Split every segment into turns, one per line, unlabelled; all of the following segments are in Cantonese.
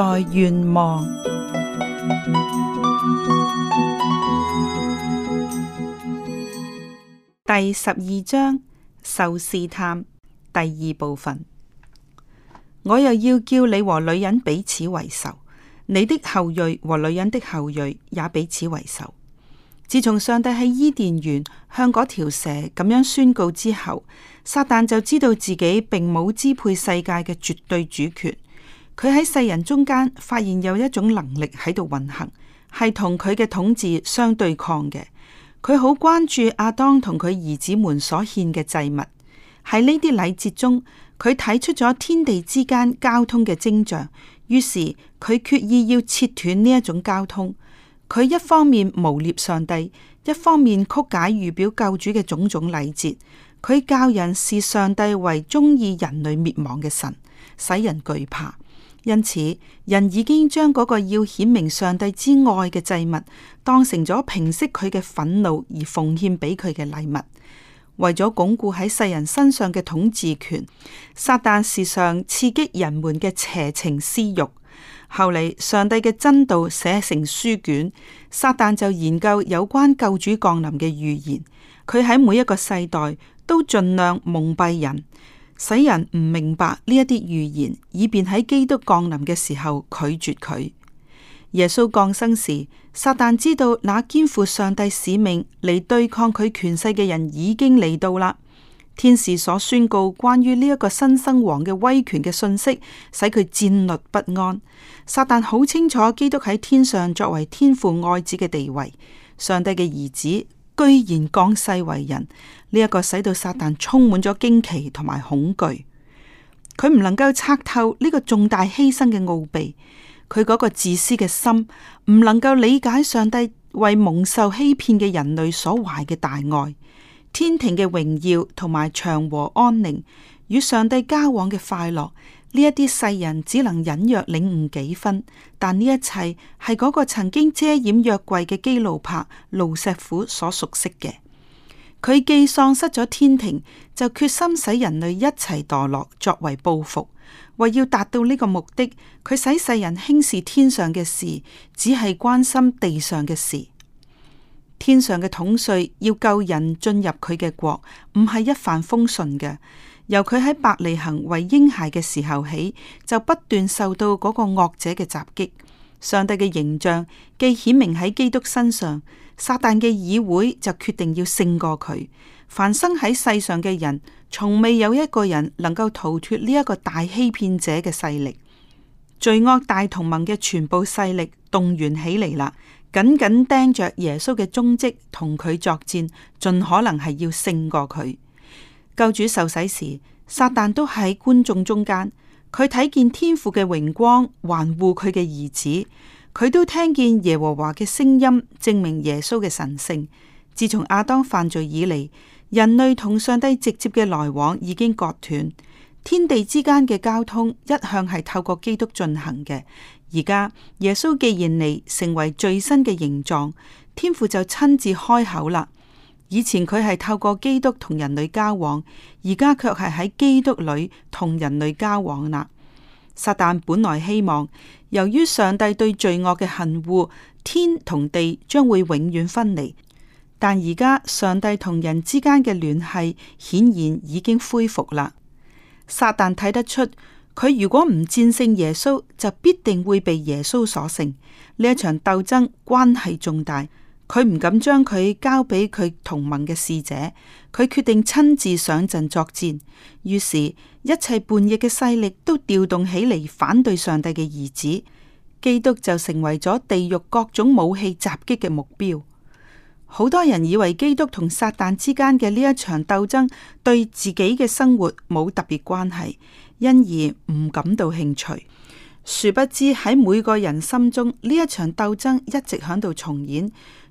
在願望第十二章受試探第二部分，我又要叫你和女人彼此為仇，你的後裔和女人的後裔也彼此為仇。自從上帝喺伊甸園向嗰條蛇咁樣宣告之後，撒旦就知道自己並冇支配世界嘅絕對主權。佢喺世人中間發現有一種能力喺度運行，係同佢嘅統治相對抗嘅。佢好關注亞當同佢兒子們所獻嘅祭物，喺呢啲禮節中，佢睇出咗天地之間交通嘅徵象。於是佢決意要切斷呢一種交通。佢一方面誣衊上帝，一方面曲解預表救主嘅種種禮節。佢教人視上帝為中意人類滅亡嘅神，使人懼怕。因此，人已經將嗰個要顯明上帝之愛嘅祭物，當成咗平息佢嘅憤怒而奉獻俾佢嘅禮物。為咗鞏固喺世人身上嘅統治權，撒旦時常刺激人們嘅邪情私欲。後嚟，上帝嘅真道寫成書卷，撒旦就研究有關救主降臨嘅預言。佢喺每一個世代都盡量蒙蔽人。使人唔明白呢一啲預言，以便喺基督降臨嘅時候拒絕佢。耶穌降生時，撒旦知道那肩負上帝使命嚟對抗佢權勢嘅人已經嚟到啦。天使所宣告關於呢一個新生王嘅威權嘅信息，使佢戰栗不安。撒旦好清楚基督喺天上作為天父愛子嘅地位，上帝嘅兒子。居然降世為人，呢、這、一個使到撒旦充滿咗驚奇同埋恐懼，佢唔能夠測透呢個重大犧牲嘅奧秘，佢嗰個自私嘅心唔能夠理解上帝為蒙受欺騙嘅人類所懷嘅大愛，天庭嘅榮耀同埋祥和安寧。與上帝交往嘅快樂，呢一啲世人只能隱約領悟幾分。但呢一切係嗰個曾經遮掩約櫃嘅基路柏路石虎所熟悉嘅。佢既喪失咗天庭，就決心使人類一齊墮落，作為報復。為要達到呢個目的，佢使世人輕視天上嘅事，只係關心地上嘅事。天上嘅統帥要救人進入佢嘅國，唔係一帆風順嘅。由佢喺白利行為嬰孩嘅時候起，就不斷受到嗰個惡者嘅襲擊。上帝嘅形象既顯明喺基督身上，撒旦嘅議會就決定要勝過佢。凡生喺世上嘅人，從未有一個人能夠逃脱呢一個大欺騙者嘅勢力。罪惡大同盟嘅全部勢力動員起嚟啦，緊緊盯着耶穌嘅蹤跡，同佢作戰，盡可能係要勝過佢。救主受洗時，撒旦都喺觀眾中間，佢睇見天父嘅榮光，環護佢嘅兒子，佢都聽見耶和華嘅聲音，證明耶穌嘅神聖。自從亞當犯罪以嚟，人類同上帝直接嘅來往已經割斷，天地之間嘅交通一向係透過基督進行嘅。而家耶穌既然嚟成為最新嘅形狀，天父就親自開口啦。以前佢係透過基督同人類交往，而家卻係喺基督裏同人類交往啦。撒旦本來希望，由於上帝對罪惡嘅恨惡，天同地將會永遠分離。但而家上帝同人之間嘅聯繫顯然已經恢復啦。撒旦睇得出，佢如果唔戰勝耶穌，就必定會被耶穌所勝。呢一場鬥爭關係重大。佢唔敢將佢交俾佢同盟嘅使者，佢決定親自上陣作戰。於是一切叛逆嘅勢力都調動起嚟反對上帝嘅兒子，基督就成為咗地獄各種武器襲擊嘅目標。好多人以為基督同撒旦之間嘅呢一場鬥爭對自己嘅生活冇特別關係，因而唔感到興趣。殊不知喺每個人心中，呢一場鬥爭一直響度重演。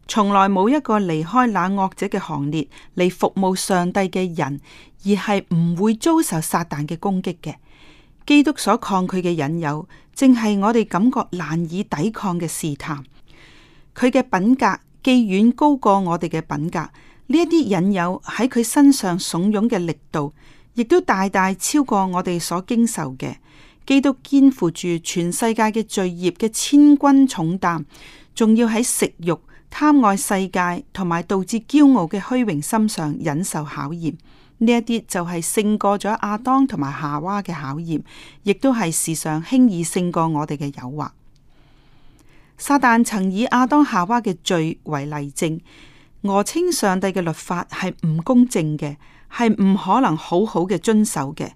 從來冇一個離開那惡者嘅行列嚟服務上帝嘅人，而係唔會遭受撒旦嘅攻擊嘅。基督所抗拒嘅引誘，正係我哋感覺難以抵抗嘅試探。佢嘅品格既遠高過我哋嘅品格，呢一啲引誘喺佢身上慫恿嘅力度，亦都大大超過我哋所經受嘅。基督肩負住全世界嘅罪孽嘅千鈞重擔，仲要喺食慾。貪愛世界同埋導致驕傲嘅虛榮心上忍受考驗，呢一啲就係勝過咗亞當同埋夏娃嘅考驗，亦都係時常輕易勝過我哋嘅誘惑。撒旦曾以亞當夏娃嘅罪為例證，訛稱上帝嘅律法係唔公正嘅，係唔可能好好嘅遵守嘅。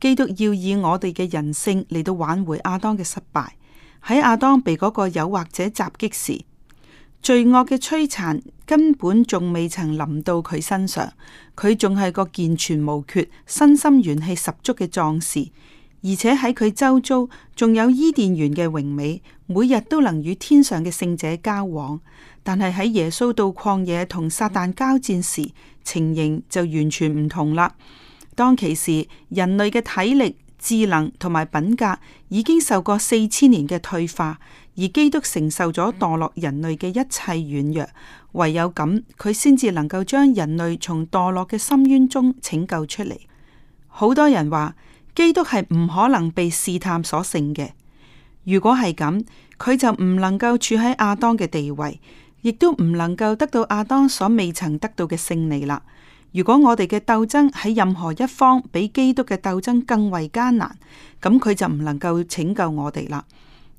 基督要以我哋嘅人性嚟到挽回亞當嘅失敗。喺亞當被嗰個誘惑者襲擊時，罪惡嘅摧殘根本仲未曾臨到佢身上，佢仲係個健全無缺、身心元氣十足嘅壯士，而且喺佢周遭仲有伊甸園嘅榮美，每日都能與天上嘅聖者交往。但係喺耶穌到曠野同撒旦交戰時，情形就完全唔同啦。當其時，人類嘅體力、智能同埋品格已經受過四千年嘅退化。而基督承受咗墮落人類嘅一切軟弱，唯有咁佢先至能夠將人類從墮落嘅深淵中拯救出嚟。好多人話，基督係唔可能被試探所勝嘅。如果係咁，佢就唔能夠處喺亞當嘅地位，亦都唔能夠得到亞當所未曾得到嘅勝利啦。如果我哋嘅鬥爭喺任何一方比基督嘅鬥爭更為艱難，咁佢就唔能夠拯救我哋啦。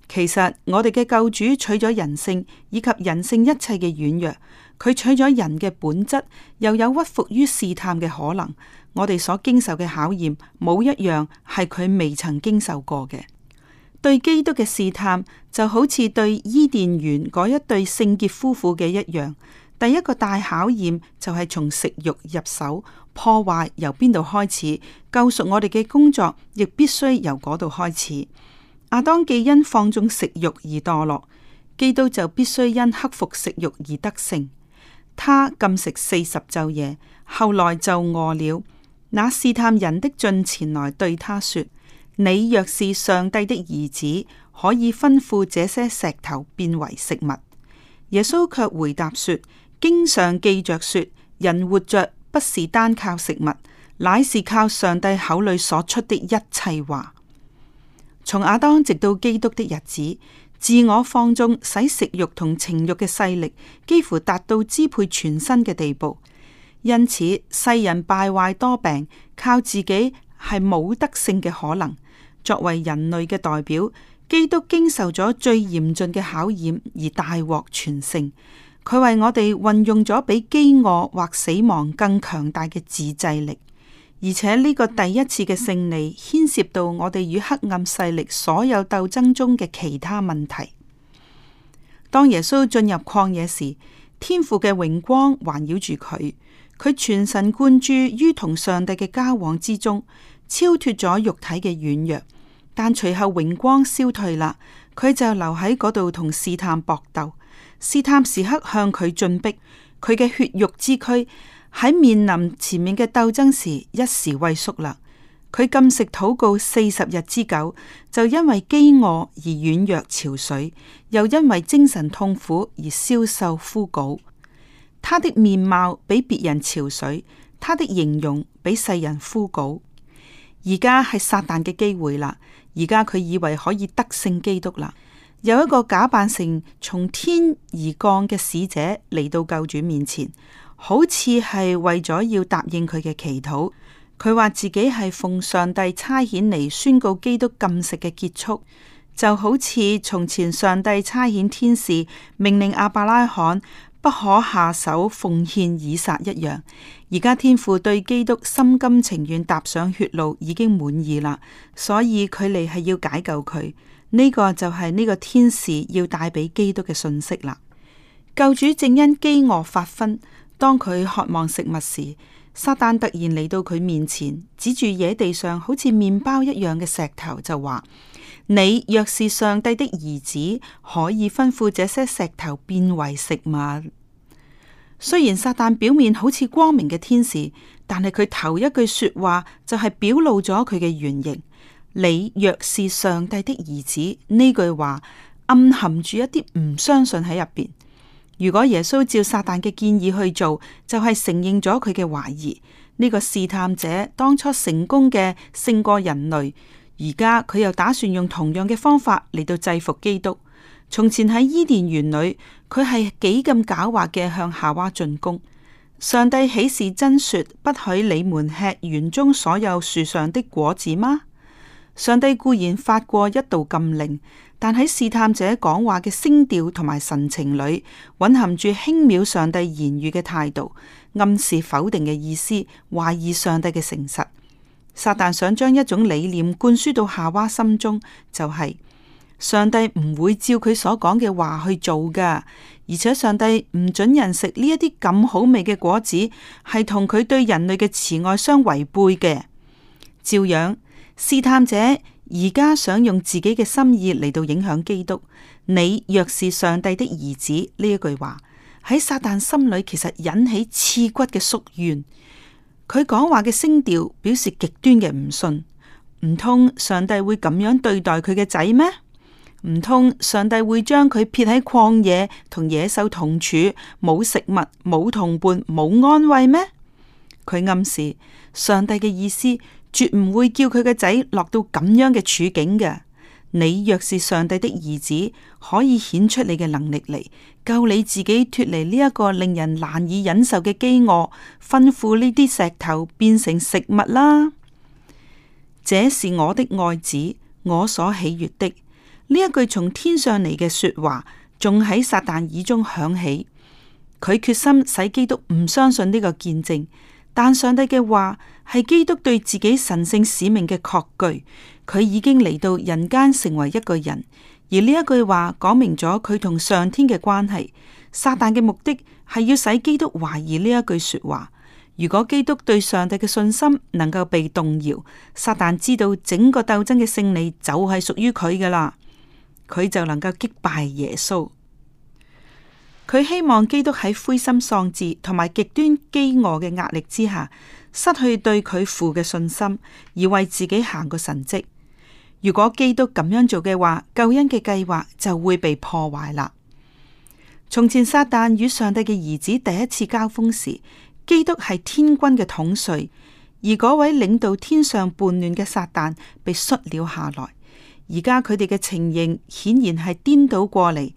其實我哋嘅救主取咗人性以及人性一切嘅軟弱，佢取咗人嘅本質，又有屈服於試探嘅可能。我哋所經受嘅考驗，冇一樣係佢未曾經受過嘅。對基督嘅試探，就好似對伊甸園嗰一對聖潔夫婦嘅一樣。第一個大考驗就係從食欲入手，破壞由邊度開始？救贖我哋嘅工作，亦必須由嗰度開始。阿當既因放縱食欲而墮落，基督就必須因克服食欲而得勝。他禁食四十晝夜，後來就餓了。那試探人的進前來對他說：你若是上帝的兒子，可以吩咐這些石頭變為食物。耶穌卻回答說：經上記着說，人活着不是單靠食物，乃是靠上帝口裏所出的一切話。從亞當直到基督的日子，自我放縱使食欲同情欲嘅勢力幾乎達到支配全身嘅地步，因此世人敗壞多病，靠自己係冇得勝嘅可能。作為人類嘅代表，基督經受咗最嚴峻嘅考驗而大獲全勝，佢為我哋運用咗比飢餓或死亡更強大嘅自制力。而且呢個第一次嘅勝利牽涉到我哋與黑暗勢力所有鬥爭中嘅其他問題。當耶穌進入曠野時，天父嘅榮光環繞住佢，佢全神貫注於同上帝嘅交往之中，超脫咗肉體嘅軟弱。但隨後榮光消退啦，佢就留喺嗰度同試探搏鬥。試探時刻向佢進逼，佢嘅血肉之軀。喺面臨前面嘅鬥爭時，一時畏縮啦。佢禁食禱告四十日之久，就因為飢餓而軟弱憔悴，又因為精神痛苦而消瘦枯槁。他的面貌比別人憔悴，他的形容比世人枯槁。而家係撒旦嘅機會啦，而家佢以為可以得勝基督啦。有一個假扮成從天而降嘅使者嚟到救主面前。好似係為咗要答應佢嘅祈禱，佢話自己係奉上帝差遣嚟，宣告基督禁食嘅結束，就好似從前上帝差遣天使命令亞伯拉罕不可下手奉獻以撒一樣。而家天父對基督心甘情願踏上血路已經滿意啦，所以佢哋係要解救佢，呢個就係呢個天使要帶俾基督嘅信息啦。救主正因饑餓發昏。當佢渴望食物時，撒旦突然嚟到佢面前，指住野地上好似麵包一樣嘅石頭就話：你若是上帝的兒子，可以吩咐這些石頭變為食物。雖然撒旦表面好似光明嘅天使，但係佢頭一句說話就係表露咗佢嘅原形。你若是上帝的兒子呢句話，暗含住一啲唔相信喺入邊。如果耶穌照撒旦嘅建議去做，就係、是、承認咗佢嘅懷疑。呢、這個試探者當初成功嘅勝過人類，而家佢又打算用同樣嘅方法嚟到制服基督。從前喺伊甸園裏，佢係幾咁狡猾嘅向夏娃進攻。上帝豈是真說不許你們吃園中所有樹上的果子嗎？上帝固然發過一道禁令。但喺試探者講話嘅聲調同埋神情裏，蘊含住輕蔑上帝言語嘅態度，暗示否定嘅意思，懷疑上帝嘅誠實。撒旦想將一種理念灌輸到夏娃心中，就係、是、上帝唔會照佢所講嘅話去做噶，而且上帝唔准人食呢一啲咁好味嘅果子，係同佢對人類嘅慈愛相違背嘅。照樣，試探者。而家想用自己嘅心意嚟到影響基督，你若是上帝的兒子呢一句話，喺撒旦心裏其實引起刺骨嘅宿怨。佢講話嘅聲調表示極端嘅唔信，唔通上帝會咁樣對待佢嘅仔咩？唔通上帝會將佢撇喺曠野同野獸同處，冇食物，冇同伴，冇安慰咩？佢暗示上帝嘅意思。絕唔會叫佢嘅仔落到咁樣嘅處境嘅。你若是上帝的兒子，可以顯出你嘅能力嚟，救你自己脱離呢一個令人難以忍受嘅饑餓，吩咐呢啲石頭變成食物啦。這是我的愛子，我所喜悅的。呢一句從天上嚟嘅說話，仲喺撒旦耳中響起。佢決心使基督唔相信呢個見證。但上帝嘅話係基督對自己神聖使命嘅確據，佢已經嚟到人間成為一個人，而呢一句話講明咗佢同上天嘅關係。撒旦嘅目的係要使基督懷疑呢一句說話。如果基督對上帝嘅信心能夠被動搖，撒旦知道整個鬥爭嘅勝利就係屬於佢㗎喇，佢就能夠擊敗耶穌。佢希望基督喺灰心喪志同埋極端飢餓嘅壓力之下，失去對佢父嘅信心，而為自己行個神蹟。如果基督咁樣做嘅話，救恩嘅計劃就會被破壞啦。從前撒旦與上帝嘅兒子第一次交鋒時，基督係天軍嘅統帥，而嗰位領導天上叛亂嘅撒旦被摔了下來。而家佢哋嘅情形顯然係顛倒過嚟。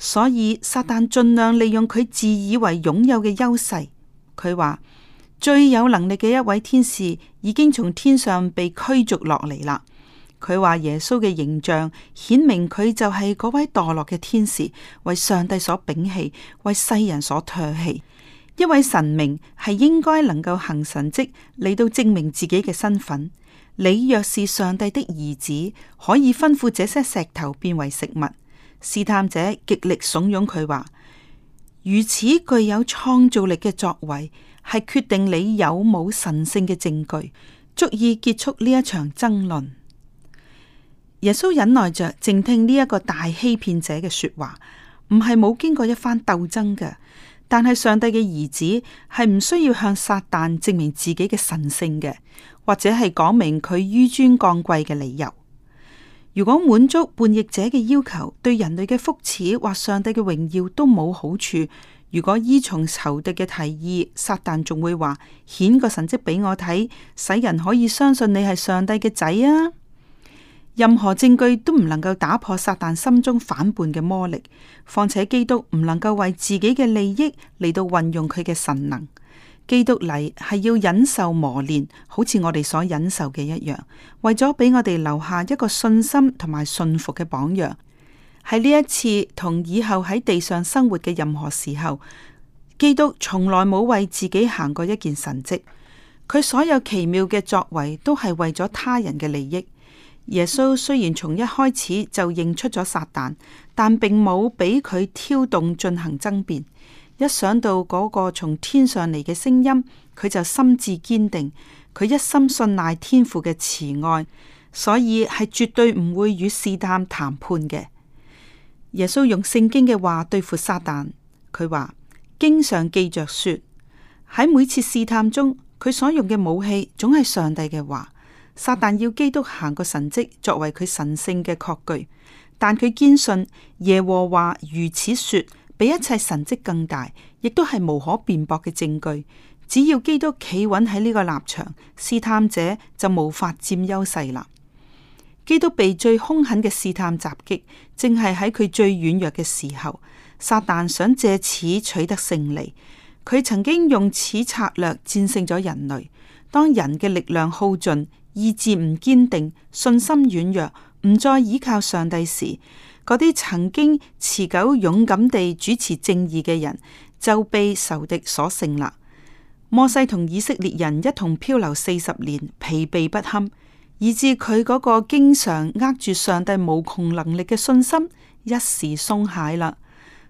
所以撒旦盡量利用佢自以為擁有嘅優勢。佢話最有能力嘅一位天使已經從天上被驅逐落嚟啦。佢話耶穌嘅形象顯明佢就係嗰位墮落嘅天使，為上帝所摒棄，為世人所唾棄。一位神明係應該能夠行神蹟嚟到證明自己嘅身份。你若是上帝的兒子，可以吩咐這些石頭變為食物。試探者極力慫恿佢話，如此具有創造力嘅作為，係決定你有冇神性嘅證據，足以結束呢一場爭論。耶穌忍耐着靜聽呢一個大欺騙者嘅說話，唔係冇經過一番鬥爭嘅。但係上帝嘅兒子係唔需要向撒旦證明自己嘅神性嘅，或者係講明佢紆尊降貴嘅理由。如果滿足叛逆者嘅要求，對人類嘅福祉或上帝嘅榮耀都冇好處。如果依從仇敵嘅提議，撒旦仲會話顯個神蹟俾我睇，使人可以相信你係上帝嘅仔啊！任何證據都唔能夠打破撒旦心中反叛嘅魔力，況且基督唔能夠為自己嘅利益嚟到運用佢嘅神能。基督嚟係要忍受磨練，好似我哋所忍受嘅一樣，為咗俾我哋留下一個信心同埋信服嘅榜樣。喺呢一次同以後喺地上生活嘅任何時候，基督從來冇為自己行過一件神跡，佢所有奇妙嘅作為都係為咗他人嘅利益。耶穌雖然從一開始就認出咗撒旦，但並冇俾佢挑動進行爭辯。一想到嗰個從天上嚟嘅聲音，佢就心智堅定，佢一心信賴天父嘅慈愛，所以係絕對唔會與試探談判嘅。耶穌用聖經嘅話對付撒旦，佢話經常記着說，喺每次試探中，佢所用嘅武器總係上帝嘅話。撒旦要基督行個神蹟作為佢神聖嘅確據，但佢堅信耶和華如此說。比一切神蹟更大，亦都係無可辯駁嘅證據。只要基督企穩喺呢個立場，試探者就無法佔優勢啦。基督被最兇狠嘅試探襲擊，正係喺佢最軟弱嘅時候。撒旦想借此取得勝利，佢曾經用此策略戰勝咗人類。當人嘅力量耗盡，意志唔堅定，信心軟弱，唔再依靠上帝時，嗰啲曾經持久勇敢地主持正義嘅人就被仇敵所勝啦。摩西同以色列人一同漂流四十年，疲憊不堪，以至佢嗰個經常握住上帝無窮能力嘅信心一時鬆懈啦。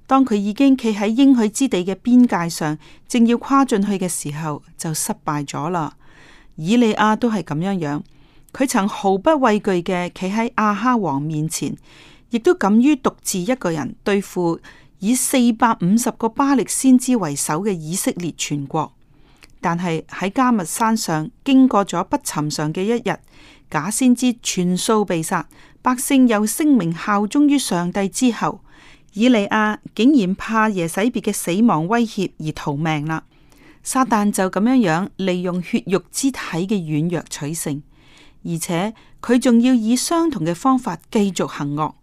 當佢已經企喺應許之地嘅邊界上，正要跨進去嘅時候，就失敗咗啦。以利亞都係咁樣樣，佢曾毫不畏懼嘅企喺阿哈王面前。亦都敢於獨自一個人對付以四百五十個巴力先知為首嘅以色列全國，但係喺迦密山上經過咗不尋常嘅一日，假先知全數被殺，百姓又聲明效忠於上帝之後，以利亞竟然怕耶洗別嘅死亡威脅而逃命啦。撒旦就咁樣樣利用血肉之體嘅軟弱取勝，而且佢仲要以相同嘅方法繼續行惡。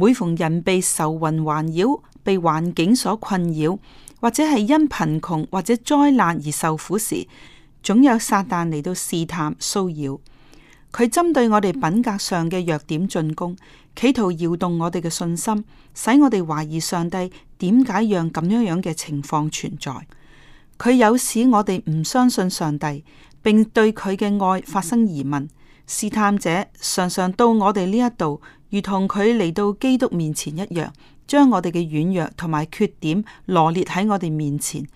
每逢人被愁雲環繞，被環境所困擾，或者係因貧窮或者災難而受苦時，總有撒旦嚟到試探、騷擾。佢針對我哋品格上嘅弱點進攻，企圖搖動我哋嘅信心，使我哋懷疑上帝點解讓咁樣咁樣嘅情況存在。佢有使我哋唔相信上帝，並對佢嘅愛發生疑問。試探者常常到我哋呢一度。如同佢嚟到基督面前一樣，將我哋嘅軟弱同埋缺點羅列喺我哋面前，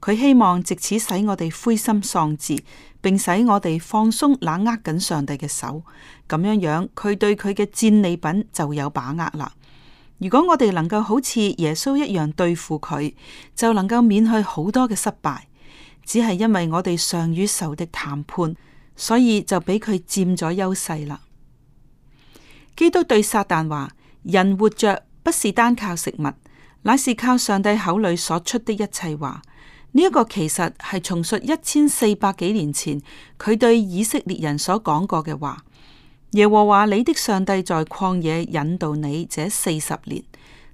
佢希望借此使我哋灰心喪志，並使我哋放鬆握緊上帝嘅手。咁樣樣，佢對佢嘅戰利品就有把握啦。如果我哋能夠好似耶穌一樣對付佢，就能夠免去好多嘅失敗。只係因為我哋常與仇敵談判，所以就俾佢佔咗優勢啦。基督對撒旦話：人活着不是單靠食物，乃是靠上帝口裏所出的一切話。呢、這、一個其實係重述一千四百幾年前佢對以色列人所講過嘅話。耶和華你的上帝在曠野引導你這四十年，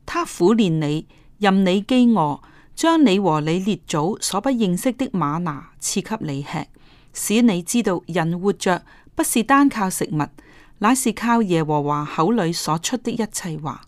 他苦煉你，任你飢餓，將你和你列祖所不認識的瑪拿賜給你吃，使你知道人活着不是單靠食物。乃是靠耶和華口裏所出的一切話。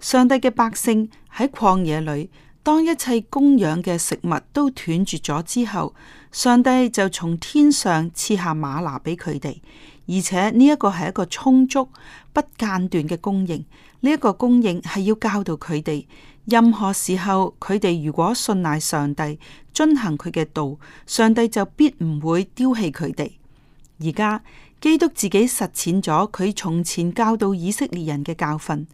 上帝嘅百姓喺曠野裏，當一切供養嘅食物都斷絕咗之後，上帝就從天上賜下馬拿俾佢哋，而且呢一個係一個充足、不間斷嘅供應。呢、這、一個供應係要教導佢哋，任何時候佢哋如果信賴上帝，遵行佢嘅道，上帝就必唔會丟棄佢哋。而家。基督自己實踐咗佢從前教導以色列人嘅教訓。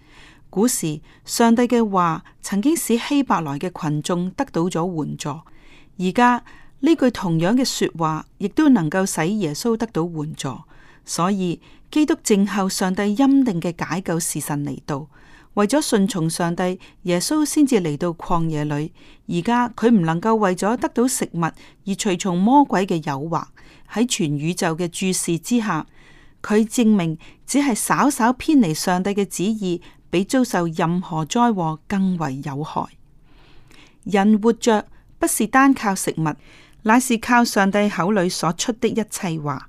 古時上帝嘅話曾經使希伯來嘅群眾得到咗援助，而家呢句同樣嘅說話亦都能夠使耶穌得到援助。所以基督靜候上帝欽定嘅解救時辰嚟到。為咗順從上帝，耶穌先至嚟到曠野裏。而家，佢唔能夠為咗得到食物而隨從魔鬼嘅誘惑，喺全宇宙嘅注視之下，佢證明只係稍稍偏離上帝嘅旨意，比遭受任何災禍更為有害。人活着，不是單靠食物，乃是靠上帝口裏所出的一切話。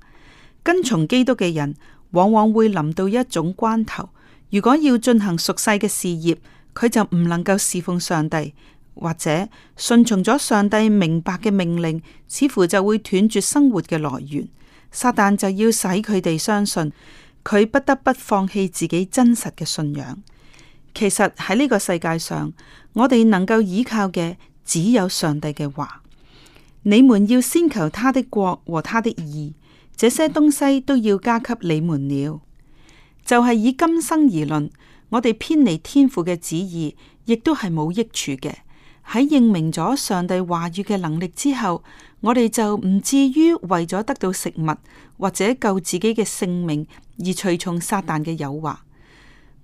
跟從基督嘅人，往往會臨到一種關頭。如果要進行俗世嘅事業，佢就唔能夠侍奉上帝，或者順從咗上帝明白嘅命令，似乎就會斷絕生活嘅來源。撒旦就要使佢哋相信，佢不得不放棄自己真實嘅信仰。其實喺呢個世界上，我哋能夠依靠嘅只有上帝嘅話。你們要先求他的國和他的義，這些東西都要加給你們了。就係以今生而論，我哋偏離天父嘅旨意，亦都係冇益處嘅。喺認明咗上帝話語嘅能力之後，我哋就唔至於為咗得到食物或者救自己嘅性命而隨從撒旦嘅誘惑。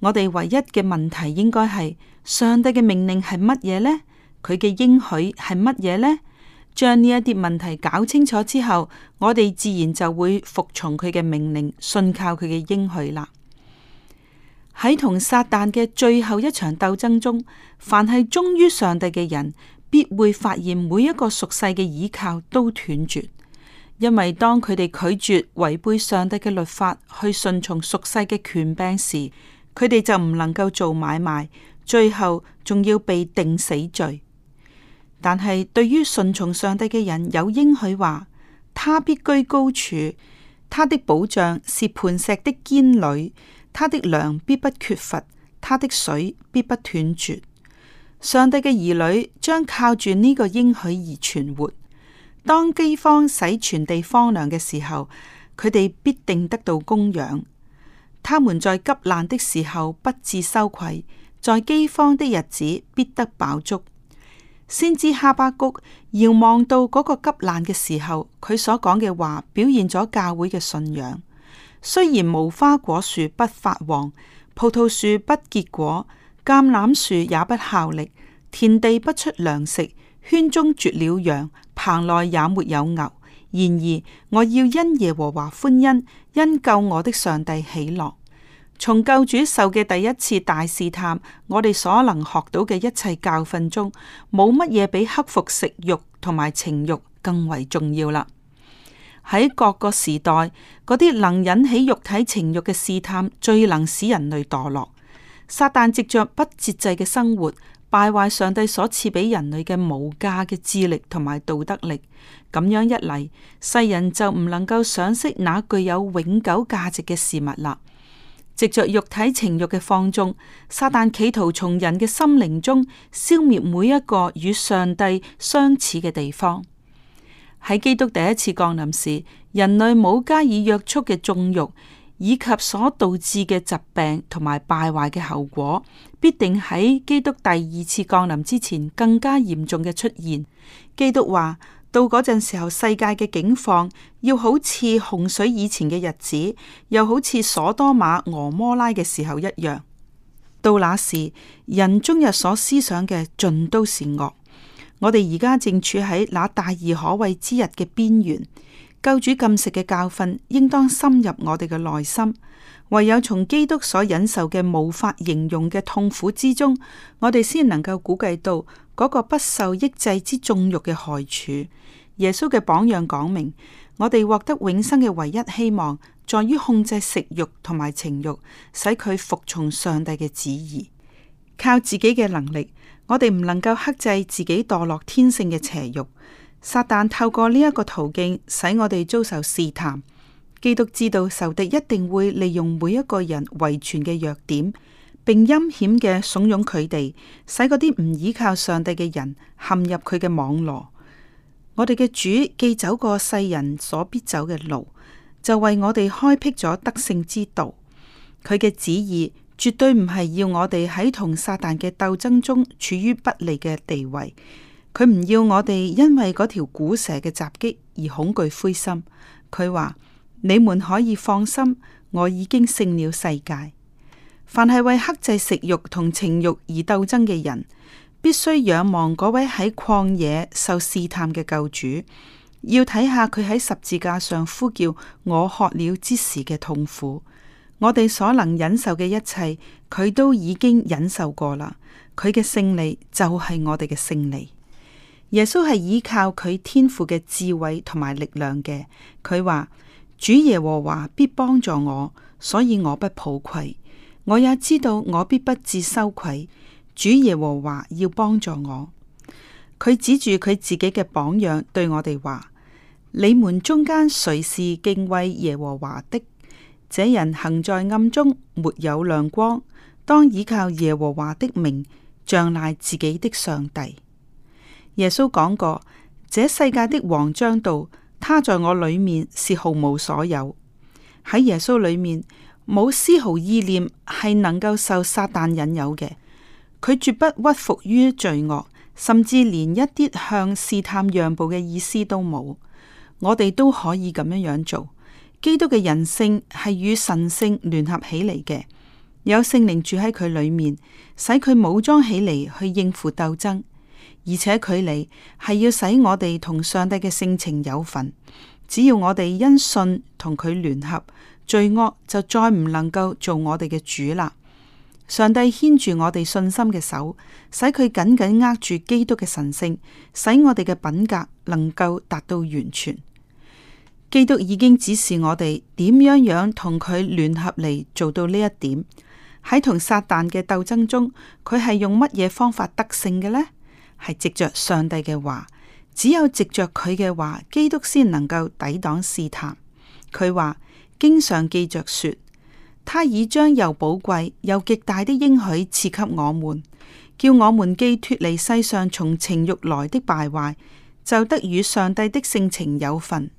我哋唯一嘅問題應該係上帝嘅命令係乜嘢呢？佢嘅應許係乜嘢呢？將呢一啲問題搞清楚之後，我哋自然就會服從佢嘅命令，信靠佢嘅應許啦。喺同撒旦嘅最後一場鬥爭中，凡係忠於上帝嘅人，必會發現每一個屬世嘅倚靠都斷絕，因為當佢哋拒絕違背上帝嘅律法，去順從屬世嘅權柄時，佢哋就唔能夠做買賣，最後仲要被定死罪。但係對於順從上帝嘅人，有應許話，他必居高處，他的保障是磐石的堅壘。他的糧必不缺乏，他的水必不斷絕。上帝嘅兒女將靠住呢個應許而存活。當饑荒使全地荒涼嘅時候，佢哋必定得到供養。他們在急難的時候不致羞愧，在饑荒的日子必得飽足。先知哈巴谷遙望到嗰個急難嘅時候，佢所講嘅話表現咗教會嘅信仰。雖然無花果樹不發黃，葡萄樹不結果，橄欖樹也不效力，田地不出糧食，圈中絕了羊，棚內也沒有牛。然而我要因耶和華歡欣，因救我的上帝喜樂。從救主受嘅第一次大試探，我哋所能學到嘅一切教訓中，冇乜嘢比克服食慾同埋情慾更為重要啦。喺各個時代，嗰啲能引起肉體情欲嘅試探，最能使人類墮落。撒旦藉着不節制嘅生活，敗壞上帝所賜俾人類嘅無價嘅智力同埋道德力。咁樣一嚟，世人就唔能夠賞識那具有永久價值嘅事物啦。藉着肉體情欲嘅放縱，撒旦企圖從人嘅心靈中消滅每一個與上帝相似嘅地方。喺基督第一次降臨時，人類冇加以約束嘅縱慾，以及所導致嘅疾病同埋敗壞嘅後果，必定喺基督第二次降臨之前更加嚴重嘅出現。基督話：到嗰陣時候，世界嘅境況要好似洪水以前嘅日子，又好似所多瑪、俄摩拉嘅時候一樣。到那時，人終日所思想嘅盡都是惡。我哋而家正處喺那大而可畏之日嘅邊緣，救主禁食嘅教訓應當深入我哋嘅內心。唯有從基督所忍受嘅無法形容嘅痛苦之中，我哋先能夠估計到嗰個不受抑制之縱慾嘅害處。耶穌嘅榜樣講明，我哋獲得永生嘅唯一希望，在於控制食欲同埋情欲，使佢服從上帝嘅旨意，靠自己嘅能力，我哋唔能夠克制自己墮落天性嘅邪欲，撒旦透過呢一個途徑，使我哋遭受試探。基督知道仇敵一定會利用每一個人遺傳嘅弱點，並陰險嘅慫恿佢哋，使嗰啲唔依靠上帝嘅人陷入佢嘅網羅。我哋嘅主既走過世人所必走嘅路，就為我哋開闢咗得勝之道。佢嘅旨意，絕對唔係要我哋喺同撒旦嘅鬥爭中處於不利嘅地位，佢唔要我哋因為嗰條古蛇嘅襲擊而恐懼灰心。佢話：你們可以放心，我已經勝了世界。凡係為克制食慾同情慾而鬥爭嘅人，必須仰望嗰位喺曠野受試探嘅救主，要睇下佢喺十字架上呼叫我渴了之時嘅痛苦。我哋所能忍受嘅一切，佢都已經忍受過啦。佢嘅勝利就係我哋嘅勝利。耶穌係依靠佢天賦嘅智慧同埋力量嘅。佢話主耶和華必幫助我，所以我不抱愧。我也知道我必不至羞愧。主耶和華要幫助我。佢指住佢自己嘅榜樣，對我哋話：你們中間誰是敬畏耶和華的？這人行在暗中，沒有亮光，當倚靠耶和華的名，仗賴自己的上帝。耶穌講過，這世界的王將到，他在我裏面是毫無所有。喺耶穌裏面，冇絲毫意念係能夠受撒旦引誘嘅，佢絕不屈服於罪惡，甚至連一啲向試探讓步嘅意思都冇。我哋都可以咁樣樣做。基督嘅人性係與神性聯合起嚟嘅，有聖靈住喺佢裏面，使佢武裝起嚟去應付鬥爭。而且佢嚟係要使我哋同上帝嘅性情有份。只要我哋因信同佢聯合，罪惡就再唔能夠做我哋嘅主啦。上帝牽住我哋信心嘅手，使佢緊緊握住基督嘅神性，使我哋嘅品格能夠達到完全。基督已經指示我哋點樣樣同佢聯合嚟做到呢一點。喺同撒旦嘅鬥爭中，佢係用乜嘢方法得勝嘅呢？係藉着上帝嘅話，只有藉着佢嘅話，基督先能夠抵擋試探。佢話經常記着說，他已將又寶貴又極大的應許賜給我們，叫我們既脫離世上從情慾來的敗壞，就得與上帝的性情有份。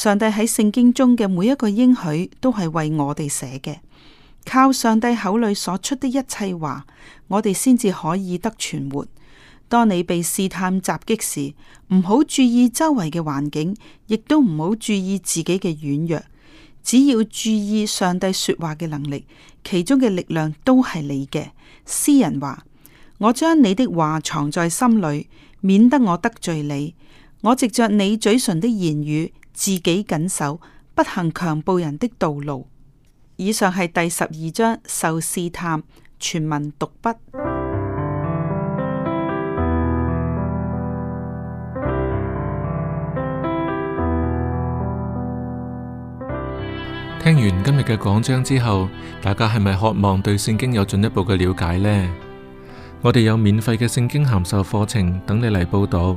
上帝喺聖經中嘅每一個應許都係為我哋寫嘅。靠上帝口裏所出的一切話，我哋先至可以得存活。當你被試探襲擊時，唔好注意周圍嘅環境，亦都唔好注意自己嘅軟弱，只要注意上帝說話嘅能力，其中嘅力量都係你嘅。詩人話：我將你的話藏在心裏，免得我得罪你。我藉着你嘴唇的言語，自己緊守，不行強暴人的道路。以上係第十二章受試探，全文讀畢。聽完今日嘅講章之後，大家係咪渴望對聖經有進一步嘅了解呢？我哋有免費嘅聖經函授課程等你嚟報讀。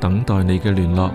等待你嘅聯絡。